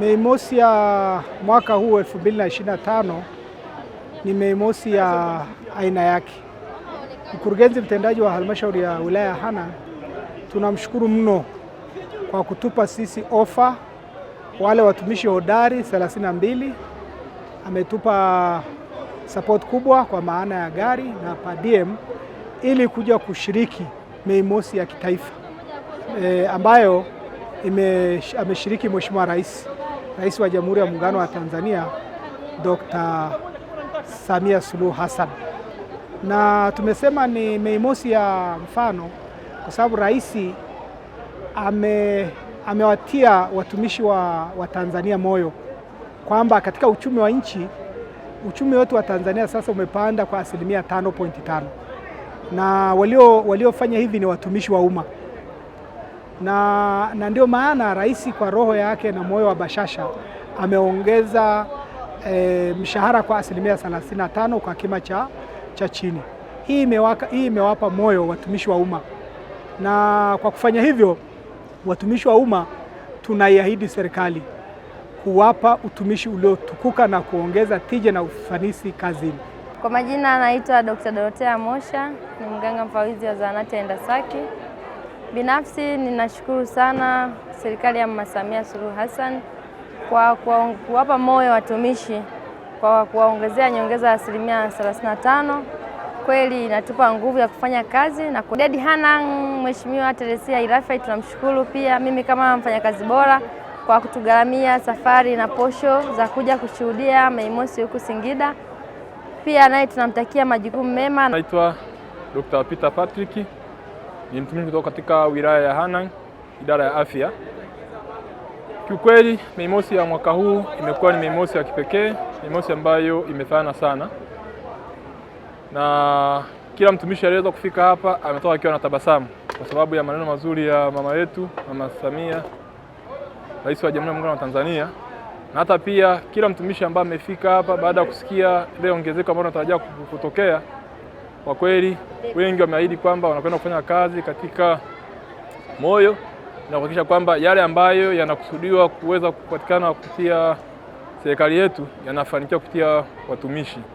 Mei Mosi ya mwaka huu 2025 ni Mei Mosi ya aina yake. Mkurugenzi mtendaji wa halmashauri ya wilaya ya tunamshukuru mno kwa kutupa sisi ofa, wale watumishi hodari 32 ametupa support kubwa kwa maana ya gari na PADM ili kuja kushiriki Mei Mosi ya kitaifa e, ambayo ime, ameshiriki Mheshimiwa Rais Rais wa Jamhuri ya Muungano wa Tanzania Dr. Samia Suluhu Hassan, na tumesema ni Mei Mosi ya mfano kwa sababu rais ame, amewatia watumishi wa, wa Tanzania moyo kwamba katika uchumi wa nchi uchumi wetu wa Tanzania sasa umepanda kwa asilimia 5.5 na waliofanya hivi ni watumishi wa umma na, na ndio maana rais kwa roho yake na moyo wa bashasha ameongeza e, mshahara kwa asilimia 35 kwa kima cha, cha chini. Hii imewaka, hii imewapa moyo watumishi wa umma, na kwa kufanya hivyo watumishi wa umma tunaiahidi serikali kuwapa utumishi uliotukuka na kuongeza tija na ufanisi kazini. Kwa majina anaitwa Dr. Dorothea Mosha, ni mganga mfawidhi wa zahanati ya endasaki Binafsi ninashukuru sana serikali ya Mama Samia Suluhu Hassan kwa kuwapa moyo watumishi kwa kuwaongezea nyongeza ya asilimia 35. Kweli inatupa nguvu ya kufanya kazi na Dedi Hanang, Mheshimiwa Teresia Irafa, tunamshukuru pia, mimi kama mfanyakazi bora kwa kutugharamia safari na posho za kuja kushuhudia Mei Mosi huku Singida. Pia naye tunamtakia majukumu mema. Naitwa Dr. Peter Patrick ni mtumishi kutoka katika wilaya ya Hanang, idara ya afya. Kiukweli, Mei Mosi ya mwaka huu imekuwa ni Mei Mosi ya kipekee, Mei Mosi ambayo imefana sana, na kila mtumishi aliyeweza kufika hapa ametoka akiwa na tabasamu kwa sababu ya maneno mazuri ya mama yetu, Mama Samia, Rais wa Jamhuri ya Muungano wa Tanzania, na hata pia kila mtumishi ambaye amefika hapa baada ya kusikia ile ongezeko ambalo natarajia kutokea kwa kweli wengi wameahidi kwamba wanakwenda kufanya kazi katika moyo na kuhakikisha kwamba yale ambayo yanakusudiwa kuweza kupatikana kupitia serikali yetu yanafanikiwa kupitia watumishi.